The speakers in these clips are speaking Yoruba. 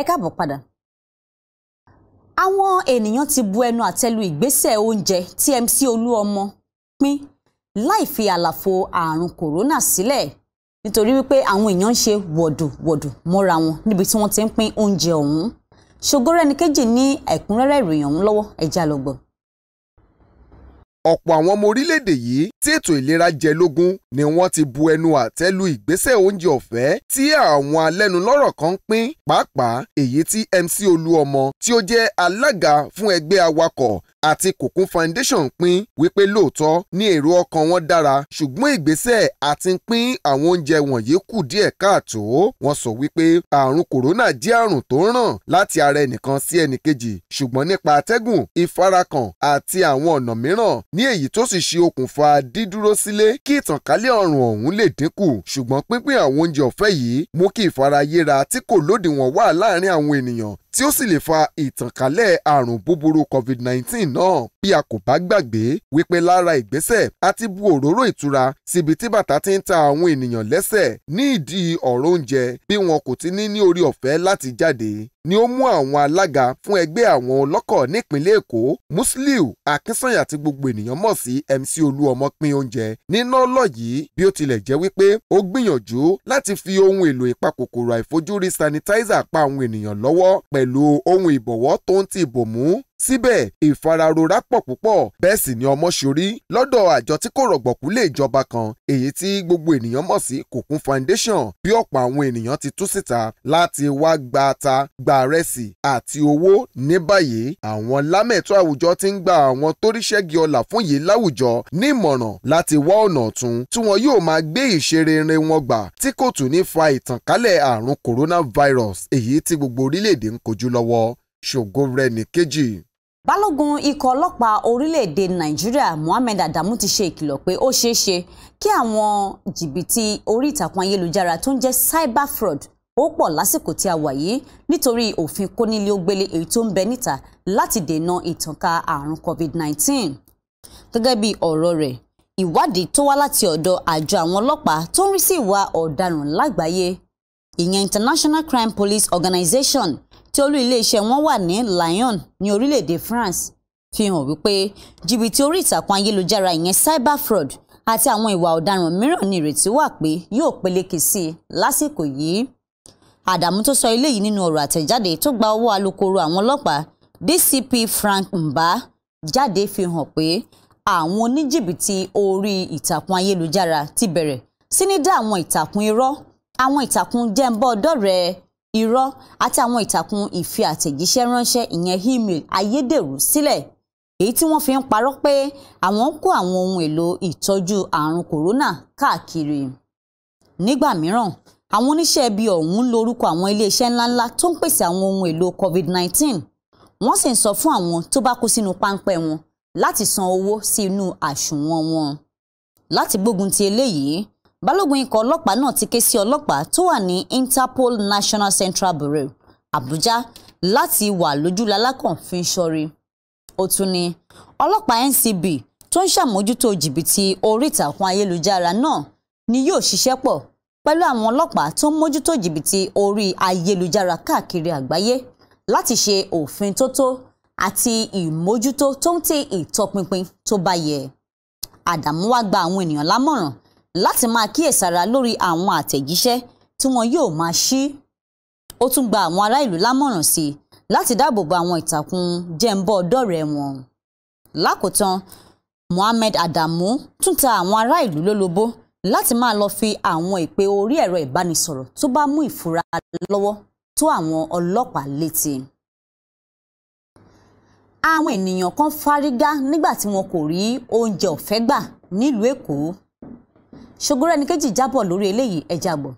ẹ káàbọ̀ padà. àwọn ènìyàn ti bu ẹnu àtẹ́lu ìgbésẹ̀ oúnjẹ tí MC Olúọmọ pín láì fi àlàfo àrùn kòrónà sílẹ̀ nítorí wípé àwọn èèyàn ń ṣe wọ̀dùwọ̀dù mọ́ra wọn níbi tí wọ́n ti ń pín oúnjẹ ọ̀hún ṣògo rẹ́ni kejì ní ẹ̀kúnrẹ́rẹ́ ìròyìn ọ̀hún lọ́wọ́ ẹ̀já lọ́gbọ̀n ọ̀pọ̀ àwọn ọmọ orílẹ̀-èdè yìí tí ètò ìlera jẹ lógún ni wọ́n ti bu ẹnu àtẹ́ lu ìgbésẹ̀ oúnjẹ ọ̀fẹ́ tí àwọn alẹ́nulọ́rọ̀ kan pín pàápàá èyí tí MC Olúọmọ tí ó jẹ́ alága fún ẹgbẹ́ awakọ̀ àti Cocoon Foundation pín wípé lóòótọ́ ní èrò ọkàn wọn dára ṣùgbọ́n ìgbésẹ̀ àti pín àwọn oúnjẹ wọ̀nyí kù díẹ̀ káàtó wọ́n sọ wípé àrùn kòrónà jẹ́ àrùn tó ń ràn láti ara ẹnìkan sí ẹnìkejì ṣùgbọ́n nípa atẹ́gùn ìfarakàn àti àwọn ọ̀nà mìíràn ní èyí tó sì ṣe okùnfà dídúró sílé kí ìtànkálẹ̀ ọ̀rùn ọ̀hún lè dínkù ṣùgbọ́n pínpín àwọn oúnjẹ ọ̀fẹ́ yìí mú kí ìfarayéra tí kò tí ó sì lè fa ìtànkálẹ̀ àrùn búburú COVID-19 náà bí a kò bá gbàgbé wípé lára ìgbésẹ̀ a ti bu òróró ìtura síbi tí bàtà ti ń ta àwọn ènìyàn lẹ́sẹ̀ ní ìdí ọ̀rọ̀ oúnjẹ bí wọn kò ti ní ní orí ọ̀fẹ́ láti jáde ni ó mú àwọn alága fún ẹgbẹ́ àwọn ọlọ́kọ̀ nípínlẹ̀ Èkó Musiliu Akínsànyà tí gbogbo ènìyàn mọ̀ sí MC Olúọmọ pín oúnjẹ níná lọ yìí bí ó tilẹ̀ jẹ́ wípé ó gbìyànjú láti fi ohun èlò ìpakòkòrò àìfojúrí sanitizer pa àwọn ènìyàn lọ́wọ́ pẹ̀lú ohun ìbọ̀wọ́ tó ń ti ìbòmú síbẹ̀ ìfararora pọ̀ púpọ̀ bẹ́ẹ̀ sì ni ọmọ ṣorí lọ́dọ̀ àjọ tí kò rọ̀gbọ̀kú lé ìjọba kan èyí tí gbogbo ènìyàn mọ̀ sí Kòkun Foundation bí ọ̀pọ̀ àwọn ènìyàn ti tú síta láti wá gba ata gba rẹ́sì àti owó ní báyìí àwọn lámẹ̀tọ́ àwùjọ ti ń gba àwọn toríṣẹ́gi ọlà fún yìí láwùjọ ní ìmọ̀ràn láti wá ọ̀nà ọ̀tun tí wọn yóò máa gbé ìṣerere wọn gbà tí kò tún ní fa ìtànkálẹ̀ àrùn coronavirus èyí tí gbogbo orílẹ̀-èdè ń kojú lọ́wọ́ ṣògo rẹ̀ ní kejì balógun ikọ̀ ọlọ́pàá orílẹ̀-èdè nàìjíríà mohammed adamu ti ṣe ìkìlọ̀ pé ó ṣeé ṣe kí àwọn jìbìtì orí ìtàkùn ayélujára tó ń jẹ́ cyber fraud ó pọ̀ lásìkò tí a wà yìí nítorí òfin kónílé-ó-gbélé èyí tó ń bẹ níta láti dènà ìtànká àrùn covid-19 gẹ́gẹ́ bí ọ̀rọ̀ rẹ̀ ìwádìí tó wá láti ọ̀dọ̀ àjọ àwọn ọlọ́pàá tó ń rí sí ìwà ọ̀daràn lágbàáyé ìyẹn International Crime Police Organization tí olú iléeṣẹ́ wọn wà ní Lyon ní orílẹ̀-èdè France fi hàn wípé jìbìtì orí ìtàkùn ayélujára ìyẹn cyber fraud àti àwọn ìwà ọ̀daràn mìíràn ní ìrètí wà pé yóò peléke sí i lásìkò yìí Àdàmú tó sọ eléyìí nínú ọ̀rọ̀ àtẹ̀jáde tó gba ọwọ́ alukoro àwọn ọlọ́pàá DCP Frank Mba jáde fi hàn pé àwọn oníjìbìtì orí ìtàkùn ayélujára ti bẹ̀rẹ̀ sí ní dá àwọn ìtàkùn irọ́ àwọn ìtàkùn jẹ́ńbọ́ dọ́rẹ̀ẹ́ irọ́ àti àwọn ìtàkùn ìfi àtẹ̀jíṣẹ́ ránṣẹ́ ìyẹn email ayédèrú sílẹ̀ èyí tí wọ́n fi ń parọ́ pé àwọn ń kó àwọn ohun èlò ìtọ́jú àrùn kòrónà káàkiri nígbà mìíràn àwọn oníṣẹ́ ibi ọ̀hún lórúkọ àwọn iléeṣẹ́ ńláńlá tó ń pèsè àwọn ohun èlò covid-19 wọ́n sì ń sọ fún àwọn tó bá kó sínú páńpẹ́ wọn láti san owó sí inú àsùnwọ̀n wọn láti gbógun ti eléyìí balógun ikọ̀ ọlọ́pàá náà ti ké sí ọlọ́pàá tó wà ní Interpol National Central Bureau Abuja láti wà lójú lalákàn fi ń ṣọ́rí ó tún ní ọlọ́pàá NCB tó ń ṣàmójútó jìbìtì orí ìtàkùn ayélujára náà ni yóò ṣiṣẹ́ pọ̀ pẹ̀lú àwọn ọlọ́pàá tó ń mójútó jìbìtì orí ayélujára káàkiri àgbáyé láti ṣe òfin tó tó àti ìmójútó tó ń tẹ ìtọpinpin tó bá yẹ Àdàmú wá gba àwọn ènìyàn lámọ̀ràn láti máa kíyèsára lórí àwọn àtẹ̀jíṣẹ́ tí wọn yóò máa ṣí ó tún gba àwọn ará ìlú lámọ̀ràn sí i láti dáàbò bo àwọn ìtàkùn jẹ́ńbọ́ọ̀dọ́rẹ̀ẹ́ wọn lákòótán Mohammed Adamu tún ta àwọn ará ìlú lólobó láti máa lọ fi àwọn ìpè orí ẹ̀rọ ìbánisọ̀rọ̀ tó bá mú ìfura lọ́wọ́ tó àwọn ọlọ́pàá létí. àwọn ènìyàn kan fárígá nígbà tí wọn kò rí oúnjẹ ọ̀fẹ́ gbà nílùú Èkó Ṣogorẹ́nikejì jábọ̀ lórí eléyìí ẹ jágbọ́.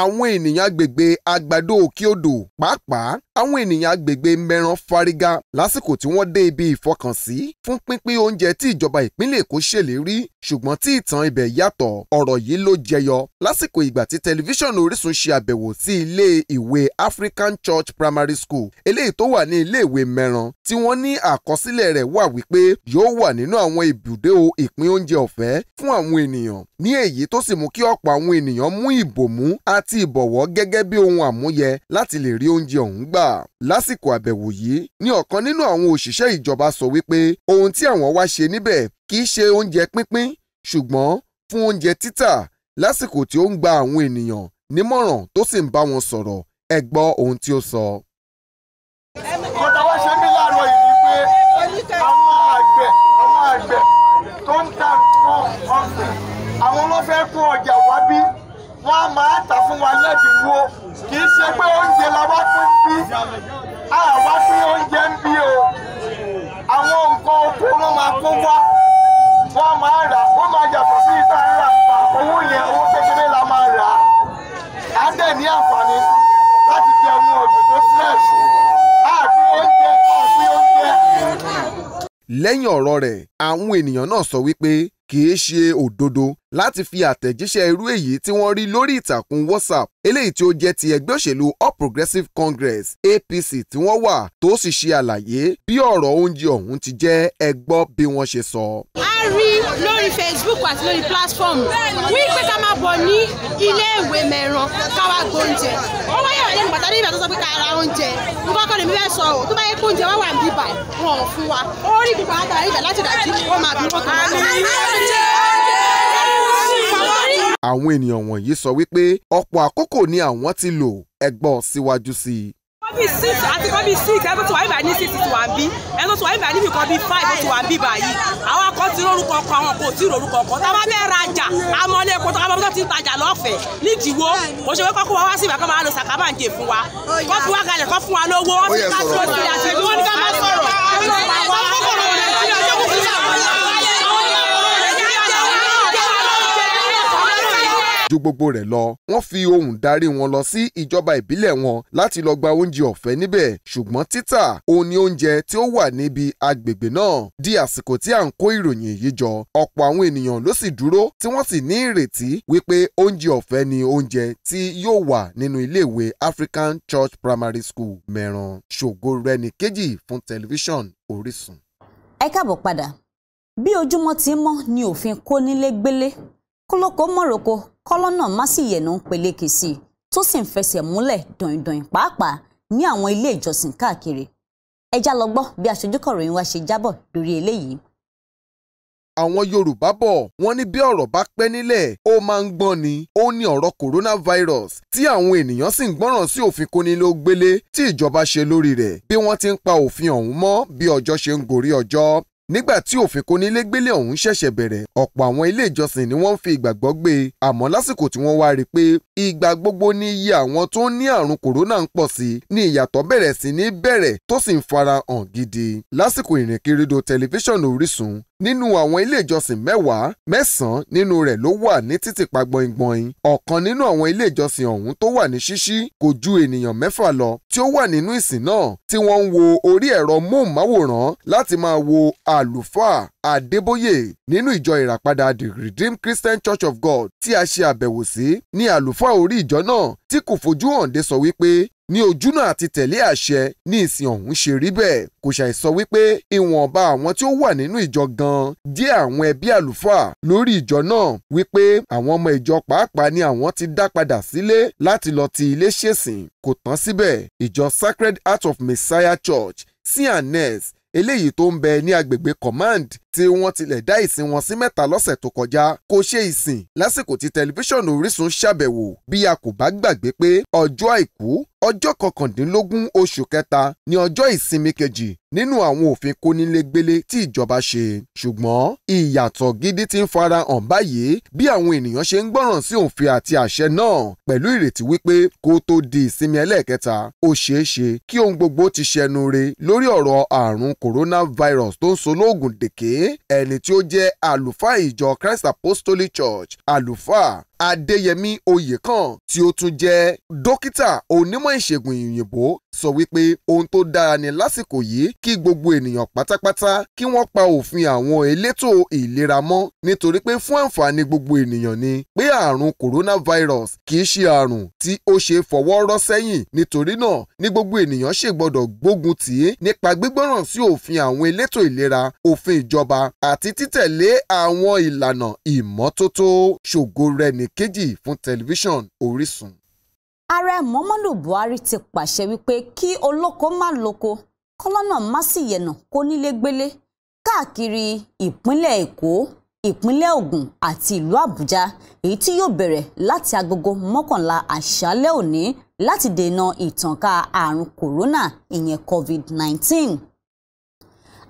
Àwọn ènìyàn agbègbè àgbàdo òkè odò pàápàá àwọn ènìyàn agbègbè mẹ́ran fárígá lásìkò tí wọ́n dé ibi ìfọkànsí fún pínpín oúnjẹ tí ìjọba ìpínlẹ̀ Èkó ṣèlérí ṣùgbọ́n tí ìtàn ibẹ̀ yàtọ̀ ọ̀rọ̀ yìí ló jẹyọ lásìkò ìgbà tí tẹlifíṣàn Orísun ṣe àbẹ̀wò sí ilé ìwé African Church Primary School eléyìí tó wà ní ilé ìwé mẹ́ran tí wọ́n ní àkọsílẹ̀ rẹ̀ wà wípé yóò wà nínú àwọn ibùdó ìpín oúnjẹ ọ̀fẹ́ fún àwọn ènìyàn ní èyí tó sì mú kí ọ̀pọ̀ àwọn ènìyàn mú ìbòmú àti ìbọ̀wọ́ gẹ́gẹ́ bí ohun àmúyẹ láti lè rí oúnjẹ ọ̀hún gbà lásìkò àbẹ̀wò yìí ni ọ̀kan nínú àwọn òṣìṣẹ́ ìjọba sọ wípé ohun tí àwọn wá ṣe níbẹ̀ kì ṣe oúnjẹ pínpín ṣùgbọ́n fún oúnjẹ títà lásìkò tí ó ń gba àwọn ènìyàn nímọ̀ràn tó sì ń bá wọn sọ̀rọ̀ ẹ gbọ́ ohun tí ó sọ. kọ́tàwá ṣe mí láàárọ̀ yìí pé àwọn àgbẹ̀ àwọn àgbẹ̀ tó ń ta nǹkan ọ̀sìn àwọn ló fẹ́ ọjà wá bí wọ́n á máa tà fún wa lẹ́dínwó kì í ṣe pé oúnjẹ la wá pín bí àwa pín oúnjẹ ń bí o àwọn nǹkan oko ló máa kó wá wọ́n máa rà ó máa yàtọ̀ sí ìta ńlá owó yẹn owó kékeré la máa rà á dẹ̀ ní àǹfààní láti jẹ ohun ọ̀gbìn tó fresh àbí oúnjẹ àbí oúnjẹ. lẹ́yìn ọ̀rọ̀ rẹ̀ àwọn ènìyàn náà sọ wípé kì í ṣe òdodo láti fi àtẹ̀jíṣẹ́ irú èyí tí wọ́n rí lórí ìtàkùn WhatsApp eléyìí tí ó jẹ́ ti ẹgbẹ́ òṣèlú All Progressives Congress APC tí wọ́n wà tó sì ṣe àlàyé bí ọ̀rọ̀ oúnjẹ ọ̀hún ti jẹ́ ẹ gbọ́ bí wọ́n ṣe sọ. a rí lórí Facebook àti lórí platform wípé ká máa bọ̀ ní ilé ìwé mẹ́ran káwá gbóúnjẹ ó wáyé ọ̀rẹ́ nígbà tá ní ìbàdàn sọ pé ká ra oúnjẹ nǹkan kan lèmi fẹ́ sọ wa ó rí gbogbo àtàrí ìgbà láti dàjú ó máa bí àwọn ènìyàn wọ̀nyí sọ wípé ọ̀pọ̀ àkókò ni àwọn ti lò ẹ gbọ́ síwájú sí i. kọ́bí six àti kọ́bí six ẹ tó ti wà ní ní six ti wà ń bí ẹ tó ti wà ní báyìí níbi kọ́bí five ti wà ń bí báyìí àwọn akọ ti rórúkọ kan àwọn kò tí ì rórúkọ kan tá a bá fẹ́ rajà amọ̀lé epo tó amọ̀lé tó ti ń tajà lọ́fẹ̀ẹ́ nídìíwó kò ṣe pé kọ́kọ́ wá wá sí ìgbà kan wa kọ́ fún wa wa lówó wọ́n ju gbogbo rẹ̀ lọ wọ́n fi ohùn darí wọn lọ sí ìjọba ìbílẹ̀ wọn láti lọ gba oúnjẹ ọ̀fẹ́ níbẹ̀ ṣùgbọ́n títà òun ni oúnjẹ tí ó wà níbi agbègbè náà di àsìkò tí à ń kó ìròyìn èyí jọ ọ̀pọ̀ àwọn ènìyàn ló sì dúró tí wọ́n sì ní ìrètí wípé oúnjẹ ọ̀fẹ́ ni oúnjẹ tí yóò wà nínú iléèwé African Church Primary School Mẹ́ran ṣògo rẹni kejì fún tẹlifíṣàn Orísun. ẹ káàbọ̀ padà bí ojúmọ́ ti mọ́ ni òfin kónílégbélé kólókó kọ́lọ́nà Masìyẹnu ń peléke sí i tó sì ń fẹsẹ̀ múlẹ̀ dọ̀ìndọ̀ìn pàápàá ní àwọn ilé ìjọsìn káàkiri ẹ já lọ gbọ́ bí aṣojúkọ̀ròyìn wa ṣe jábọ̀ lórí eléyìí. àwọn yorùbá bọ̀ wọ́n ní bí ọ̀rọ̀ bá pẹ́ nílẹ̀ ó máa ń gbọ́n ni ó ní ọ̀rọ̀ coronavirus tí àwọn ènìyàn sì ń gbọ́ràn sí òfin kónílógbélé tí ìjọba ṣe lórí rẹ̀ bí wọ́n ti ń pa òfin ọ̀hún mọ́ bí ọjọ́ ṣe ń gorí ọjọ́ nígbà tí òfin kónílégbélé ọ̀hún ṣẹ̀ṣẹ̀ bẹ̀rẹ̀ ọ̀pọ̀ àwọn ilé ìjọsìn ni wọ́n ń fi ìgbàgbọ́ gbé e àmọ́ lásìkò tí wọ́n wá rí i pé ìgbà gbogbo ni iye àwọn tó ń ní àrùn kòrónà ń pọ̀ sí ni ìyàtọ̀ bẹ̀rẹ̀ sí ní bẹ̀rẹ̀ tó sì ń fara hàn gidi lásìkò ìrìnkèrindò tẹlifíṣàn Orísun nínú àwọn ilé ìjọsìn mẹ́wàá mẹ́sàn-án nínú rẹ̀ ló wà ní títì pa gbọ̀ngbọ̀n ọ̀kan nínú àwọn ilé ìjọsìn ọ̀hún tó wà ní ṣíṣí kò ju ènìyàn mẹ́fà lọ tí ó wà nínú ìsìn náà tí wọ́n ń wo orí ẹ̀rọ móhùnmáwòrán láti máa wo àlùfáà Adébóyè nínú ìjọ ìràpadà the Redeemed Christian Church of God tí a ṣe àbẹ̀wò sí ní àlùfáà orí ìjọ náà tí kò fojú hàn dé sọ wípé ní ojúnà àti tẹ̀lé àṣẹ ní ìsìn ọ̀hún ṣe rí bẹ́ẹ̀ kò ṣàìsọ wípé ìwọ̀nba àwọn tí ó wà nínú ìjọ gan jẹ́ àwọn ẹbí àlùfáà lórí ìjọ náà wípé àwọn ọmọ ìjọ pàápàá ni àwọn ti dá padà sílé láti lọ ti ilé ṣèsìn kò tán síbẹ̀ ìjọ Sacred Heart of Messiah Church CNS eléyìí tó ń bẹ ní agbègbè command tí wọ́n tilẹ̀ dá ìsìn wọn sí mẹ́ta lọ́sẹ̀ tó kọjá kò ṣe ìsìn lásìkò tí tẹlifíṣàn Orísun ṣàbẹ̀wò bí a kò bá gbàgbé pé ọjọ́ àìkú ọjọ́ kọkàndínlógún oṣù kẹta ni ọjọ́ ìsinmi kejì nínú àwọn òfin kónílégbélé tí ìjọba ṣe ṣùgbọ́n ìyàtọ̀ gidi ti ń fara hàn báyìí bí àwọn ènìyàn ṣe ń gbọ́ràn sí òfin àti àṣẹ náà pẹ̀lú ìrètí wípé kó tó di ìsinmi ẹlẹ́ẹ̀kẹta ó ṣeé ṣe kí ohun gbogbo ti ṣẹnu re lórí ọ̀rọ̀ àrùn coronavirus tó ń solóògùn dèké ẹni tí ó jẹ́ àlùfáà ìjọ Christ Apostolic Church àlùfáà adéyẹmí oyèkàn tí ó tún jẹ́ dókítà onímọ̀ ìṣègùn òyìnbó sọ wípé ohun tó dára ni lásìkò yìí kí gbogbo ènìyàn pátápátá kí wọ́n pa òfin àwọn elétò ìlera mọ́ nítorí pé fún àǹfààní gbogbo ènìyàn ni pé àrùn coronavirus kì í ṣe àrùn tí ó ṣe fọwọ́ rọ́ sẹ́yìn nítorí náà ní gbogbo ènìyàn ṣe gbọ́dọ̀ gbógun tì í nípa gbígbọ́ràn sí òfin àwọn elétò ìlera òfin ìjọba àti títẹ̀lé àwọn ìlànà ìmọ́tótó ṣògo rẹ̀ ni ìkànnì kejì fún tẹlifíṣàn Orísun. ààrẹ Muhammadu Buhari ti pàṣẹ wípé kí olóko má loko kọ́lọ́nà má sì yẹ̀nà kó nílé gbélé káàkiri ìpínlẹ̀ Èkó ìpínlẹ̀ Ògùn àti ìlú Àbújá èyí tí yóò bẹ̀rẹ̀ láti agogo mọ́kànlá àṣálẹ́ òní láti dènà ìtànká àrùn kòrónà ìyẹn COVID-19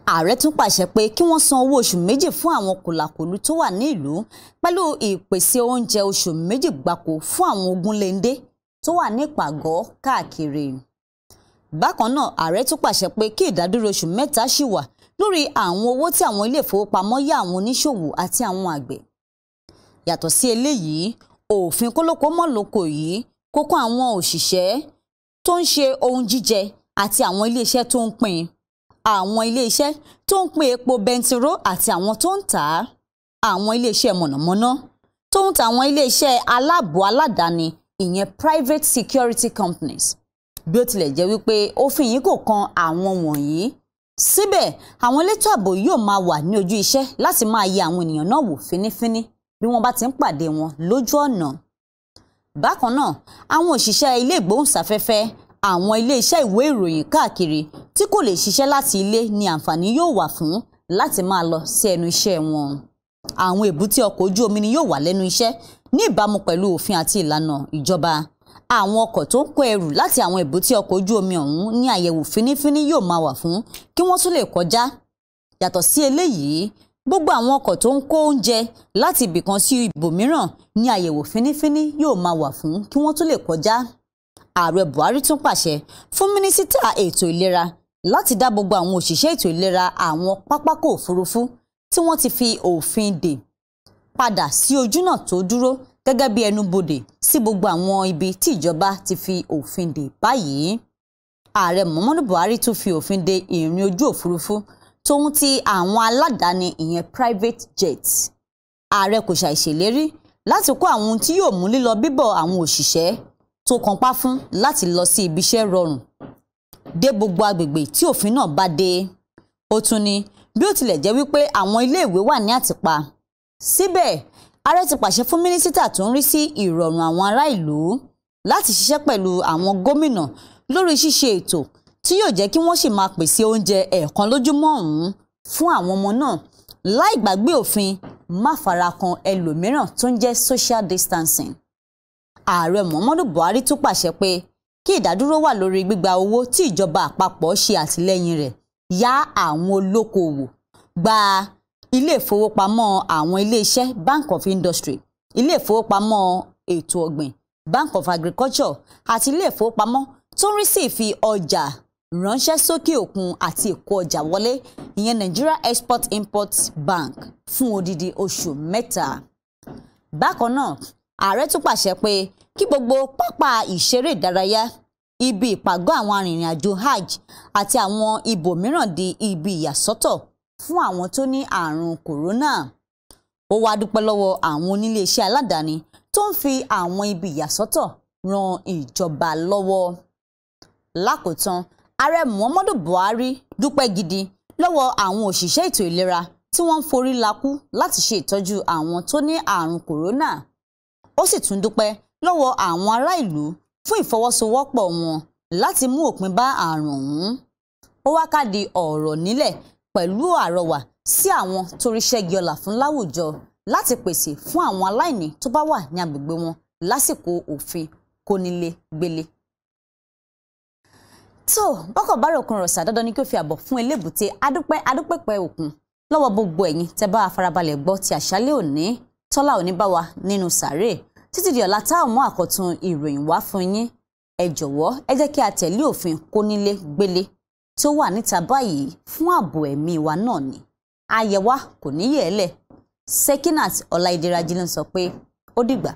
ààrẹ tún pàṣẹ pé kí wọ́n san owó oṣù méjì fún àwọn kòlàkòlù tó wà ní ìlú pẹ̀lú ìpèsè oúnjẹ oṣù méjì gbáko fún àwọn ogunléndé tó wà ní ìpàgọ́ káàkiri. bákan náà ààrẹ tún pàṣẹ pé kí ìdádúró oṣù mẹ́ta ṣì wà lórí àwọn owó tí àwọn ilé ìfowópamọ́ yá àwọn oníṣòwò àti àwọn àgbẹ̀. yàtọ̀ sí eléyìí òfin kólókó mọ́lòkò yìí kókó àwọn òṣìṣẹ́ tó ń ṣe ohun jíjẹ àti àwọn iléeṣẹ́ tó ń pín àwọn iléeṣẹ́ tó ń pín epo bẹntiró àti àwọn tó ń tà á àwọn iléeṣẹ́ mọ̀nàmọ́ná tó ń ta àwọn iléeṣẹ́ aláàbò aládàáni ìyẹn private security companies bí ó tilẹ̀ jẹ́ wípé òfin yìí kò kan àwọn wọ̀nyí síbẹ̀ àwọn elétò ààbò yóò máa wà ní ojú iṣẹ́ láti máa yẹ àwọn ènìyàn náà wò fínífíní bí wọ́n bá ti ń pàdé wọn lójú ọ̀nà bákan náà àwọn òṣìṣẹ́ ilé ìgbóhùnsáfẹ́fẹ́ àwọn ilé-iṣẹ́ ìwé ìròyìn káàkiri tí kò lè ṣiṣẹ́ láti ilé ni àǹfààní yóò wà fún láti máa lọ sí ẹnu iṣẹ́ wọn. àwọn èbúté ọkọ̀ ojú omi ni yóò wà lẹ́nu iṣẹ́ ní ìbámu pẹ̀lú òfin àti ìlànà ìjọba. àwọn ọkọ̀ tó ń kó ẹrù láti àwọn èbúté ọkọ̀ ojú omi ọ̀hún ní àyẹ̀wò fínífíní yóò máa wà fún kí wọ́n tún lè kọjá. yàtọ̀ sí eléyìí gbogbo àwọn ọkọ̀ tó ń kó oúnjẹ láti ibìkan sí ibòmíràn ní àyẹ̀wò fínífíní yóò máa wà fún kí wọ́n tún lè kọjá ààrẹ buhari tún pàṣẹ fún mínísítà ètò ìlera láti dá gbogbo àwọn òṣìṣẹ́ ètò ìlera àwọn pápákọ̀ òfurufú tí wọ́n ti fi òfin dè padà sí ojúnà tó dúró gẹ́gẹ́ bí ẹnubodè sí gbogbo àwọn ibi tí ìjọba ti fi òfin dè báyìí ààrẹ muhammadu buhari tún fi òfin de ìrìn ojú òfurufú tóun ti àwọn aládàáni ìyẹn private jets ààrẹ kò ṣàìṣèlérí láti kó àwọn ohun tí yóò mú lílọ bíbọ̀ àwọn òṣìṣẹ́ tó kànpá fún láti lọ sí ibi iṣẹ́ rọrùn dé gbogbo agbègbè tí òfin náà bá dé ó tún ní bí ó tilẹ̀ jẹ́ wípé àwọn iléèwé wà ní àtìpa síbẹ̀ ààrẹ ti pàṣẹ fún mínísítà tó ń rí sí ìrọ̀rùn àwọn ará ìlú láti ṣiṣẹ́ pẹ̀lú àwọn gómìnà lórí ṣíṣe ètò tí yóò jẹ́ kí wọ́n sì máa pèsè oúnjẹ ẹ̀ẹ̀kan lójúmọ́ ọ̀hún fún àwọn ọmọ náà láì gbàgbé òfin má fara kan ẹlòmíràn tó ń jẹ́ social distancing ààrẹ muhammadu buhari tún pàṣẹ pé kí ìdádúró wà lórí gbígba owó tí ìjọba àpapọ̀ ṣe àtìlẹ́yìn rẹ̀ yá àwọn olókoòwò gba ilé ìfowópamọ́ àwọn iléeṣẹ́ bank of industry ilé ìfowópamọ́ ètò ọ̀gbìn bank of agriculture àti ilé ìfowópamọ́ tó ń rí sí ìfi ọjà ránṣẹ́ sókè òkun àti ìkó ọjà wọlé ìyẹn Nigeria Export Import Bank fún odidi oṣù mẹ́ta. bákan náà ààrẹ tún pàṣẹ pé kí gbogbo pápá ìṣeré ìdárayá ibi ìpàgọ́ àwọn arìnrìn-àjò hajj àti àwọn ibòmíràn di ibi ìyàsọ́tọ̀ fún àwọn tó ní àrùn kòrónà ó wá dúpẹ́ lọ́wọ́ àwọn oníléeṣẹ́ aládàáni tó ń fi àwọn ibi ìyàsọ́tọ̀ ran ìjọba lọ́wọ́ lákòótán ààrẹ muhammadu buhari dúpẹ́ gidi lọ́wọ́ àwọn òṣìṣẹ́ ètò ìlera tí wọ́n ń forí lakú láti ṣe ìtọ́jú àwọn tó ní àrùn kòrónà ó sì tún dúpẹ́ lọ́wọ́ àwọn ará ìlú fún ìfọwọ́sowọ́pọ̀ wọn láti mú òpin bá àrùn ọ̀hún ó wá káàdì ọ̀rọ̀ nílẹ̀ pẹ̀lú àrọwà sí àwọn tó ríṣẹ́ giọlà fún láwùjọ láti pèsè fún àwọn aláìní tó bá wà ní agbègbè wọn lásìkò òfin kónílégbélé. tó bọ́kọ̀ bá ròkun rọ̀ṣà dandan ni kí o fi àbọ̀ fún elébùté adúpẹ́ adúpẹ́pẹ́ òkun lọ́wọ́ gbogbo ẹ̀yin tẹ́ bá farabalẹ̀ gbọ́ ti àṣálẹ́ òní tọ́lá ò ní bá wa nínú sàárè títí di ọ̀la tá a mú àkọ́tún ìròyìn wá fún yín ẹ jọ̀wọ́ ẹ jẹ́ kí a tẹ̀lé òfin kónílé gbélé tó wà níta báyìí fún ààbò ẹ̀mí wa náà ni àyẹ̀wá kò ní yẹ̀ẹ́lẹ̀ Sekinat Ọláìdé Rájí ló sọ pé ó dìgbà